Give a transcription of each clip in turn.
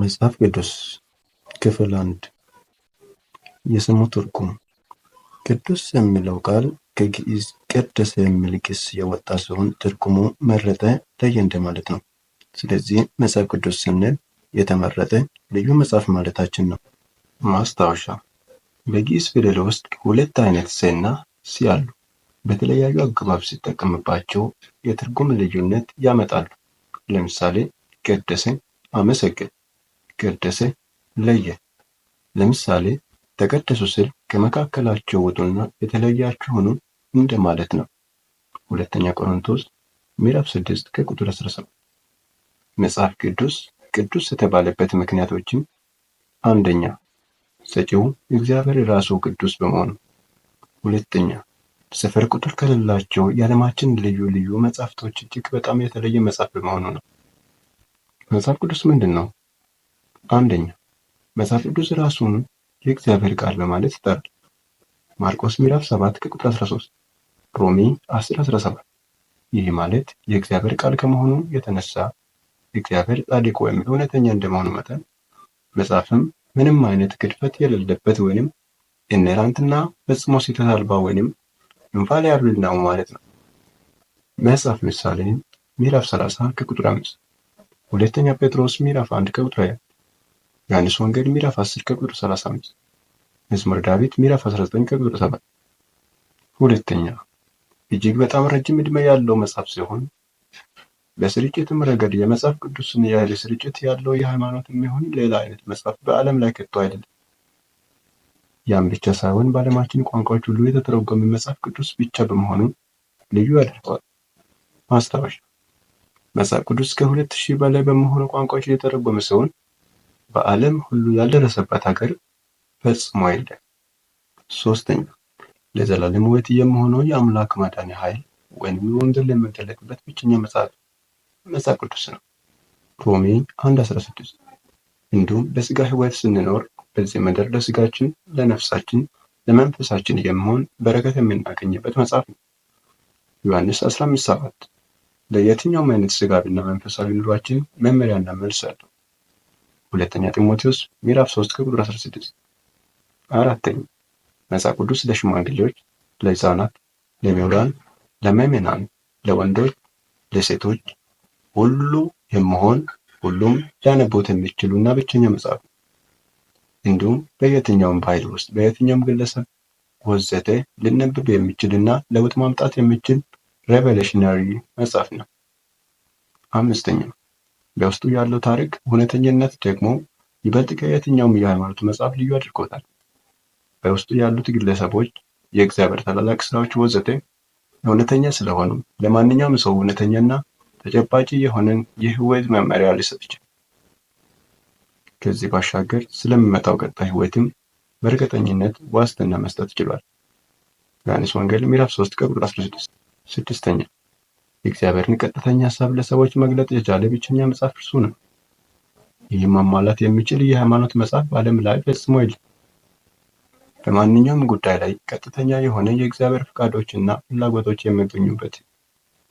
መጽሐፍ ቅዱስ ክፍል አንድ የስሙ ትርጉም ቅዱስ የሚለው ቃል ከግዕዝ ቀደሰ የሚል ግስ የወጣ ሲሆን ትርጉሙ መረጠ፣ ለየ እንደማለት ነው። ስለዚህ መጽሐፍ ቅዱስ ስንል የተመረጠ ልዩ መጽሐፍ ማለታችን ነው። ማስታወሻ በግዕዝ ፊደል ውስጥ ሁለት አይነት ሴና ሲ አሉ። በተለያዩ አገባብ ሲጠቀምባቸው የትርጉም ልዩነት ያመጣሉ። ለምሳሌ ቀደሰ፣ አመሰገን ቀደሰ ለየ ለምሳሌ ተቀደሱ ስል ከመካከላቸው ውጡና የተለያችሁ ሁኑ እንደማለት ነው። ሁለተኛ ቆሮንቶስ ምዕራፍ 6 ከቁጥር 17። መጽሐፍ ቅዱስ ቅዱስ የተባለበት ምክንያቶችም አንደኛ ሰጪው እግዚአብሔር ራሱ ቅዱስ በመሆኑ፣ ሁለተኛ ሰፈር ቁጥር ከሌላቸው የዓለማችን ልዩ ልዩ መጽሐፍቶች እጅግ በጣም የተለየ መጽሐፍ በመሆኑ ነው። መጽሐፍ ቅዱስ ምንድን ነው? አንደኛ መጽሐፍ ቅዱስ ራሱን የእግዚአብሔር ቃል በማለት ይጠራል። ማርቆስ ምዕራፍ 7 ቁጥር 13፣ ሮሜ 10 17። ይህ ማለት የእግዚአብሔር ቃል ከመሆኑ የተነሳ እግዚአብሔር ጻድቅ ወይም እውነተኛ እንደመሆኑ መጠን መጽሐፍም ምንም አይነት ግድፈት የሌለበት ወይንም እነራንትና ፈጽሞ ስህተት አልባ ወይም እንፋል ያሉት ነው ማለት ነው። መጽሐፍ ምሳሌ ምዕራፍ 30 ከቁጥር 5፣ ሁለተኛ ጴጥሮስ ምዕራፍ 1 ከቁጥር 20 ዮሐንስ ወንጌል ምዕራፍ 10 ከቁጥር 35፣ መዝሙረ ዳዊት ምዕራፍ 19 ከቁጥር 7። ሁለተኛ እጅግ በጣም ረጅም እድሜ ያለው መጽሐፍ ሲሆን በስርጭትም ረገድ የመጽሐፍ ቅዱስን ያህል ስርጭት ያለው የሃይማኖት የሚሆን ሌላ አይነት መጽሐፍ በዓለም ላይ ከቶ አይደለም። ያም ብቻ ሳይሆን በዓለማችን ቋንቋዎች ሁሉ የተተረጎመ መጽሐፍ ቅዱስ ብቻ በመሆኑ ልዩ ያደርገዋል። ማስታወሻ መጽሐፍ ቅዱስ ከሁለት ሺህ በላይ በመሆኑ ቋንቋዎች የተተረጎመ ሲሆን በዓለም ሁሉ ያልደረሰበት ሀገር ፈጽሞ የለም። ሶስተኛ ለዘላለም ሕይወት የምሆነው የአምላክ ማዳን ኃይል ወይም ወንጌል የምንጠለቅበት ብቸኛ መጽሐፍ መጽሐፍ ቅዱስ ነው። ሮሜ 1:16 እንዲሁም በስጋ ሕይወት ስንኖር በዚህ ምድር ለስጋችን፣ ለነፍሳችን፣ ለመንፈሳችን የሚሆን በረከት የምናገኝበት መጽሐፍ ነው። ዮሐንስ 15:7 ለየትኛውም አይነት ስጋዊና መንፈሳዊ ኑሯችን መመሪያና መልስ አለው። ሁለተኛ ጢሞቴዎስ ምዕራፍ 3 ከቁጥር 16። አራተኛ መጽሐፍ ቅዱስ ለሽማግሌዎች፣ ለሕፃናት፣ ለሚውራን ለምእመናን፣ ለወንዶች፣ ለሴቶች ሁሉ የመሆን ሁሉም ሊያነቡት የሚችሉና ብቸኛ መጽሐፍ ነው። እንዲሁም በየትኛውም ባህል ውስጥ በየትኛውም ግለሰብ ወዘተ ሊነበብ የሚችልና ለውጥ ማምጣት የሚችል ሬቨሌሽነሪ መጽሐፍ ነው። አምስተኛው በውስጡ ያለው ታሪክ እውነተኝነት ደግሞ ይበልጥ ከየትኛውም የሃይማኖት መጽሐፍ ልዩ አድርጎታል። በውስጡ ያሉት ግለሰቦች፣ የእግዚአብሔር ታላላቅ ስራዎች ወዘተ እውነተኛ ስለሆኑ ለማንኛውም ሰው እውነተኛና ተጨባጭ የሆነን የህይወት መመሪያ ሊሰጥ ይችላል። ከዚህ ባሻገር ስለሚመጣው ቀጣይ ህይወትም በእርግጠኝነት ዋስትና መስጠት ችሏል። ዮሐንስ ወንጌል ምዕራፍ 3 ቁጥር 16 ስድስተኛ የእግዚአብሔርን ቀጥተኛ ሀሳብ ለሰዎች መግለጥ የቻለ ብቸኛ መጽሐፍ እርሱ ነው። ይህ ማሟላት የሚችል የሃይማኖት መጽሐፍ በዓለም ላይ ፈጽሞ የለም። በማንኛውም ጉዳይ ላይ ቀጥተኛ የሆነ የእግዚአብሔር ፍቃዶችና ፍላጎቶች የሚገኙበት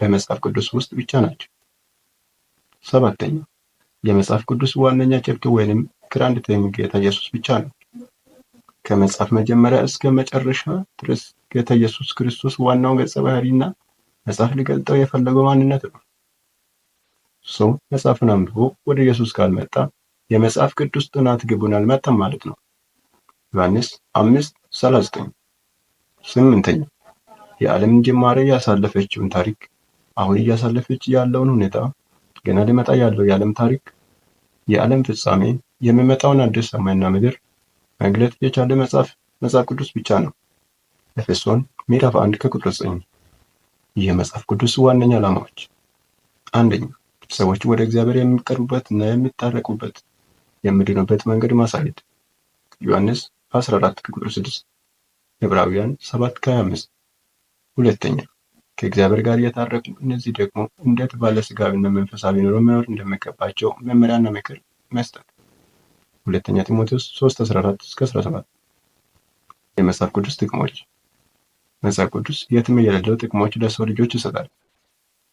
በመጽሐፍ ቅዱስ ውስጥ ብቻ ናቸው። ሰባተኛ የመጽሐፍ ቅዱስ ዋነኛ ጭብጥ ወይንም ግራንድ ቲም ጌታ ኢየሱስ ብቻ ነው። ከመጽሐፍ መጀመሪያ እስከ መጨረሻ ድረስ ጌታ ኢየሱስ ክርስቶስ ዋናው ገጸ ባህሪና መጽሐፍ ሊገልጠው የፈለገው ማንነት ነው። ሰው መጽሐፍን አንብቦ ወደ ኢየሱስ ካልመጣ የመጽሐፍ ቅዱስ ጥናት ግቡን አልመጣም ማለት ነው። ዮሐንስ 5 39 ስምንተኛ የዓለምን ጅማሬ ያሳለፈችውን ታሪክ አሁን እያሳለፈች ያለውን ሁኔታ ገና ሊመጣ ያለው የዓለም ታሪክ የዓለም ፍጻሜ የሚመጣውን አዲስ ሰማይና ምድር መግለጥ የቻለ መጽሐፍ መጽሐፍ ቅዱስ ብቻ ነው። ኤፌሶን ምዕራፍ 1 ከቁጥር 9 ይህ የመጽሐፍ ቅዱስ ዋነኛ ዓላማዎች አንደኛ ሰዎች ወደ እግዚአብሔር የሚቀርቡበት እና የሚታረቁበት የሚድኑበት መንገድ ማሳየት ዮሐንስ 14 ቁጥር 6 ዕብራውያን 7 25 ሁለተኛ ከእግዚአብሔር ጋር የታረቁ እነዚህ ደግሞ እንዴት ባለ ስጋዊና መንፈሳዊ ኑሮ መኖር እንደሚገባቸው መመሪያና ምክር መስጠት ሁለተኛ ጢሞቴዎስ 3 14 እስከ 17 የመጽሐፍ ቅዱስ ጥቅሞች መጽሐፍ ቅዱስ የትም የሌለው ጥቅሞች ለሰው ልጆች ይሰጣል።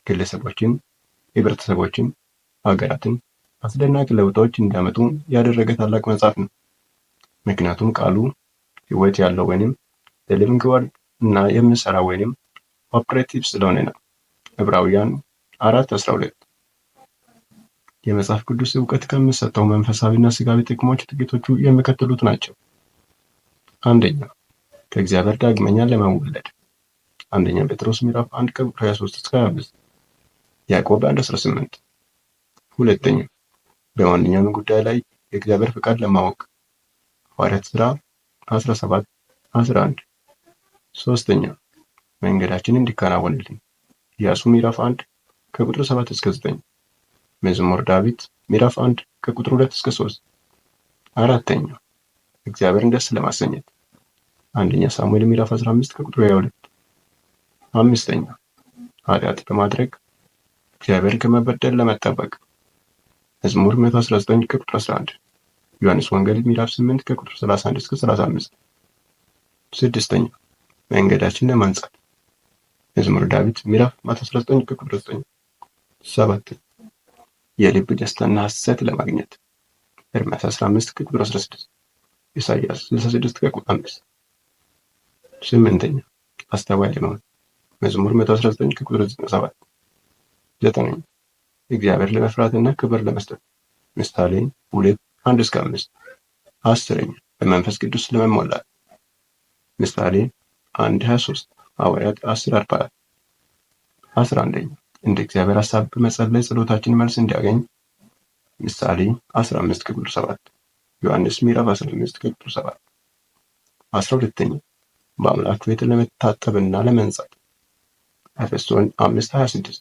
ግለሰቦችን፣ ህብረተሰቦችን፣ ሀገራትን አስደናቂ ለውጦች እንዲያመጡ ያደረገ ታላቅ መጽሐፍ ነው። ምክንያቱም ቃሉ ህይወት ያለው ወይም ሊቪንግ ወርድ እና የምሰራ ወይም ኦፕሬቲቭ ስለሆነ ነው። ዕብራውያን አራት አስራ ሁለት የመጽሐፍ ቅዱስ እውቀት ከምሰጠው መንፈሳዊና ስጋዊ ጥቅሞች ጥቂቶቹ የሚከተሉት ናቸው። አንደኛ ከእግዚአብሔር ዳግመኛ ለመወለድ አንደኛ ጴጥሮስ ምዕራፍ 1 ቁጥር 23 እስከ 25፣ ያዕቆብ 1 18። ሁለተኛ በማንኛውም ጉዳይ ላይ የእግዚአብሔር ፍቃድ ለማወቅ ሐዋርያት ሥራ 17 11። ሶስተኛ መንገዳችን እንዲከናወንልን ኢያሱ ምዕራፍ 1 ከቁጥር 7 እስከ 9፣ መዝሙር ዳዊት ምዕራፍ 1 ከቁጥር 2 እስከ 3። አራተኛ እግዚአብሔርን ደስ ለማሰኘት አንደኛ ሳሙኤል ምዕራፍ 15 ከቁጥር 22። አምስተኛ ኃጢአት በማድረግ እግዚአብሔር ከመበደል ለመጠበቅ መዝሙር 119 ከቁጥር 11፣ ዮሐንስ ወንጌል ምዕራፍ 8 ከቁጥር 31 እስከ 35። ስድስተኛ መንገዳችን ለማንጻት መዝሙር ዳዊት ምዕራፍ 119 ከቁጥር 9። ሰባተኛ የልብ ደስታና ሐሴት ለማግኘት ኤርምያስ 15 ከቁጥር 16 ኢሳይያስ 66 ከቁጥር 5 ስምንተኛ አስተዋይ መሆን መዝሙር 119 ከቁጥር 97። ዘጠነኛ እግዚአብሔር ለመፍራት እና ክብር ለመስጠት ምሳሌ ሁለት አንድ እስከ አምስት። አስረኛ በመንፈስ ቅዱስ ለመሞላት ምሳሌ አንድ 23 ሐዋርያት 10 44። አስራ እንደ እግዚአብሔር ሀሳብ በመጸለይ ጸሎታችን መልስ እንዲያገኝ ምሳሌ 15 ከቁጥር 7 ዮሐንስ ምዕራፍ 15 ከቁጥር 7። አስራ በአምላክ ቤት ለመታጠብና ለመንጻት ኤፌሶን 5:26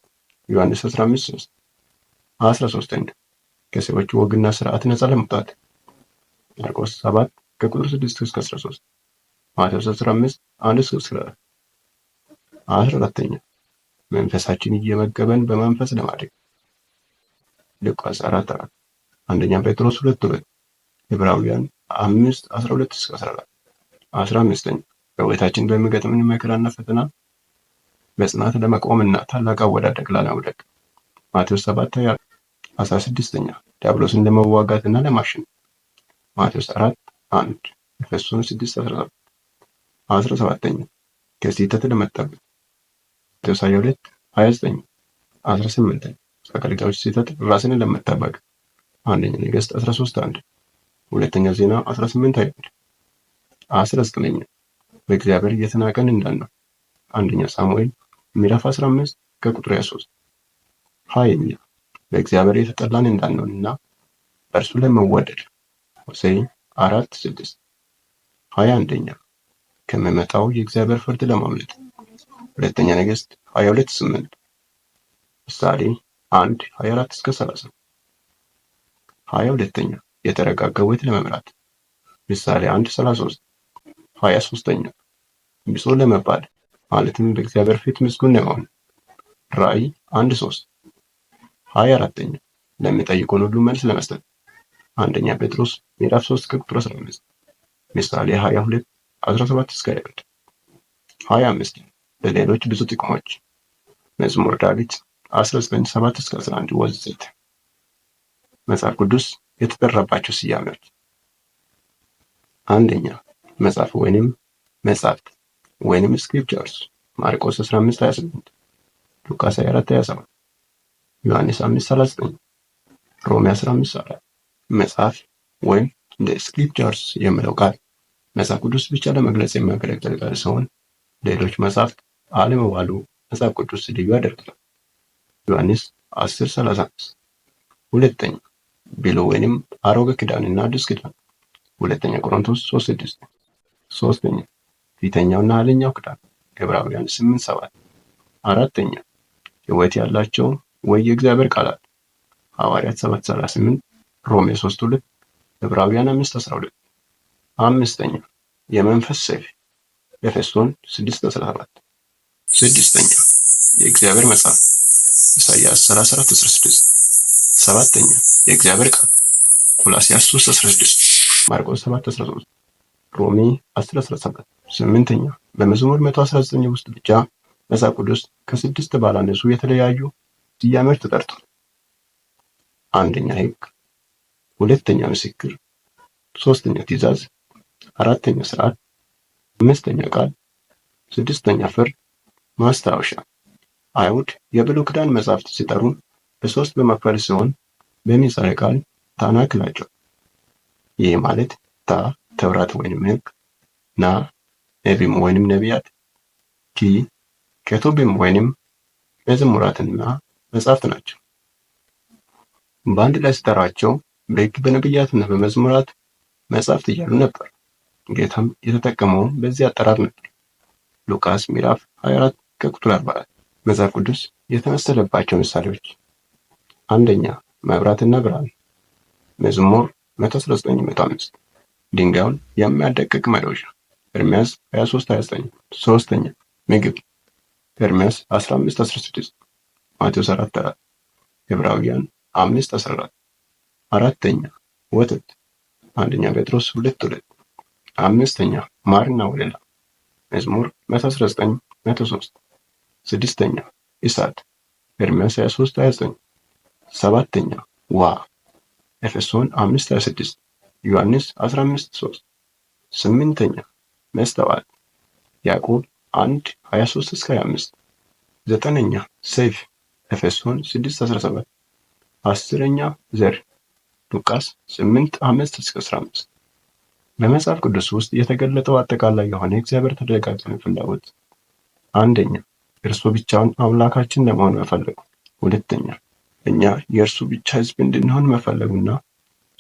ዮሐንስ 15 13 አንድ ከሰዎች ወግና ስርዓት ነፃ ለመውጣት ማርቆስ 7 ከቁጥር 6 እስከ 13 ማቴዎስ 15 1 እስከ 14 ኛ መንፈሳችን እየመገበን በመንፈስ ለማደግ ሉቃስ 4 4 አንደኛ ጴጥሮስ 2 2 ዕብራውያን 5 12 እስከ 14 15ኛ በሕይወታችን በሚገጥምን መከራና ፈተና በጽናት ለመቆም እና ታላቅ አወዳደቅ ላለመውደቅ ማቴዎስ 7 16ኛ ዲያብሎስን ለመዋጋት እና ለማሸነፍ ማቴዎስ 4 1 ኤፌሶን 6 17 17ኛ ከስህተት ለመጠበቅ ማቴዎስ 22 29 18ኛ ከአገልጋዮች ስህተት ራስን ለመጠበቅ አንደኛ ነገሥት 13 1 ሁለተኛ ዜና 18 21 19 በእግዚአብሔር እየተናቀን እንዳልነው አንደኛ ሳሙኤል ምዕራፍ 15 ከቁጥር 23 ሀይ በእግዚአብሔር እየተጠላን እንዳልነውን እና በእርሱ ላይ መወደድ ሆሴዕ አራት ስድስት ሀያ አንደኛ ከሚመጣው የእግዚአብሔር ፍርድ ለማምለጥ ሁለተኛ ነገሥት 22 8 ምሳሌ 1 24 እስከ 30 ሀያ ሁለተኛ የተረጋጋ ሕይወት ለመምራት ምሳሌ 1 33 ሀያ ሶስተኛ ንጹሕ ለመባል ማለትም በእግዚአብሔር ፊት ምስጉን ለመሆን ራእይ አንድ ሶስት ሀያ አራተኛ ለሚጠይቁን ሁሉ መልስ ለመስጠት አንደኛ ጴጥሮስ ምዕራፍ 3 ቁጥር 15 ምሳሌ 22 17 እስከ 21 25 ለሌሎች ብዙ ጥቅሞች መዝሙር ዳዊት 19 7 እስከ 11 ወዘተ መጽሐፍ ቅዱስ የተጠራባቸው ስያሜዎች አንደኛ መጽሐፍ ወይንም መጽሐፍት ወይንም ስክሪፕቸርስ ማርቆስ 15:28 ሉቃስ 24:27 ዮሐንስ 5:39 ሮሜ 15:4 መጽሐፍ ወይም እንደ ስክሪፕቸርስ የሚለው ቃል መጽሐፍ ቅዱስ ብቻ ለመግለጽ የሚያገለግል ቃል ሲሆን ሌሎች መጽሐፍት አለመባሉ መጽሐፍ ቅዱስ ልዩ ያደርገዋል። ዮሐንስ 10:35 ሁለተኛ ቢሎ ወይንም አሮጌ ኪዳንና አዲስ ኪዳን ሁለተኛ ቆሮንቶስ 3:6 ሶስተኛ ፊተኛው ፊተኛውና ኋለኛው ክዳን (ዕብራውያን 8:7)። አራተኛ ሕይወት ያላቸው ወይ የእግዚአብሔር ቃላት (ሐዋርያት 7:38፣ ሮሜ 3:2፣ ዕብራውያን 5:12)። አምስተኛ የመንፈስ ሰይፍ ኤፌሶን 6:17። ስድስተኛ የእግዚአብሔር መጽሐፍ ኢሳይያስ 34:16። ሰባተኛ የእግዚአብሔር ቃል ቆላስይስ 3:16፣ ማርቆስ 7:13፣ ሮሜ ስምንተኛ በመዝሙር 119 ውስጥ ብቻ መጽሐፍ ቅዱስ ከስድስት ባላነሱ የተለያዩ ስያሜዎች ተጠርቷል። አንደኛ ህግ፣ ሁለተኛ ምስክር፣ ሶስተኛ ትእዛዝ፣ አራተኛ ስርዓት፣ አምስተኛ ቃል፣ ስድስተኛ ፍርድ፣ ማስታወሻ። አይሁድ የብሉይ ክዳን መጽሐፍት ሲጠሩ በሶስት በመክፈል ሲሆን በምህጻረ ቃል ታናክ ናቸው። ይህ ማለት ታ ተውራት ወይንም ህግ ና ነቢም ወይንም ነቢያት፣ ቲ ኬቱቢም ወይንም መዝሙራትና መጻሕፍት ናቸው። በአንድ ላይ ሲጠራቸው በሕግ በነቢያትና በመዝሙራት መጻሕፍት እያሉ ነበር። ጌታም የተጠቀመው በዚህ አጠራር ነበር። ሉቃስ ምዕራፍ 24 ከቁጥር 44። መጽሐፍ ቅዱስ የተመሰለባቸው ምሳሌዎች አንደኛ መብራትና ብርሃን መዝሙር 139:105 ድንጋዩን የሚያደቅቅ መዶሻ ኤርምያስ 23:29 ሶስተኛ ምግብ ኤርሚያስ ኤርምያስ 15:16 ማቴዎስ 4:4 ዕብራውያን 5:14 አራተኛ ወተት አንደኛ ጴጥሮስ 2 አምስተኛ ማርና ወለላ መዝሙር 119 103 ስድስተኛ እሳት ኤርምያስ 23:29 ሰባተኛ ውሃ ኤፌሶን 5:26 ዮሐንስ 15:3 ስምንተኛ መስተዋል ያዕቆብ 1 23 እስከ 25 ዘጠነኛ ሰይፍ ኤፌሶን 6 17 አስረኛ ዘር ሉቃስ 8 5 እስከ 15 በመጽሐፍ ቅዱስ ውስጥ የተገለጠው አጠቃላይ የሆነ የእግዚአብሔር ተደጋጋሚ ፍላጎት አንደኛ እርሱ ብቻውን አምላካችን ለመሆን መፈለጉ፣ ሁለተኛ እኛ የእርሱ ብቻ ህዝብ እንድንሆን መፈለጉና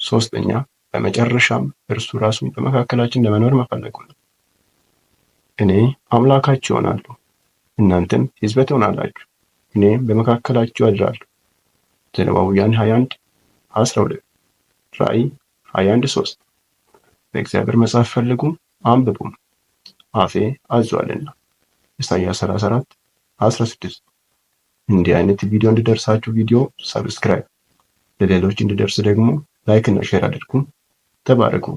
ሶስተኛ በመጨረሻም እርሱ ራሱን በመካከላችን ለመኖር መፈለጉ ነው። እኔ አምላካችሁ እሆናለሁ፣ እናንተም ሕዝቤ ትሆናላችሁ፣ እኔ በመካከላችሁ አድራለሁ። ዘሌዋውያን 21 12 ራእይ 21 3 በእግዚአብሔር መጽሐፍ ፈልጉ አንብቡም አፌ አዟልና። ኢሳይያስ 34 16 እንዲህ አይነት ቪዲዮ እንዲደርሳችሁ ቪዲዮ ሰብስክራይብ፣ ለሌሎች እንዲደርስ ደግሞ ላይክ እና ሼር አድርጉ። ተባረኩ።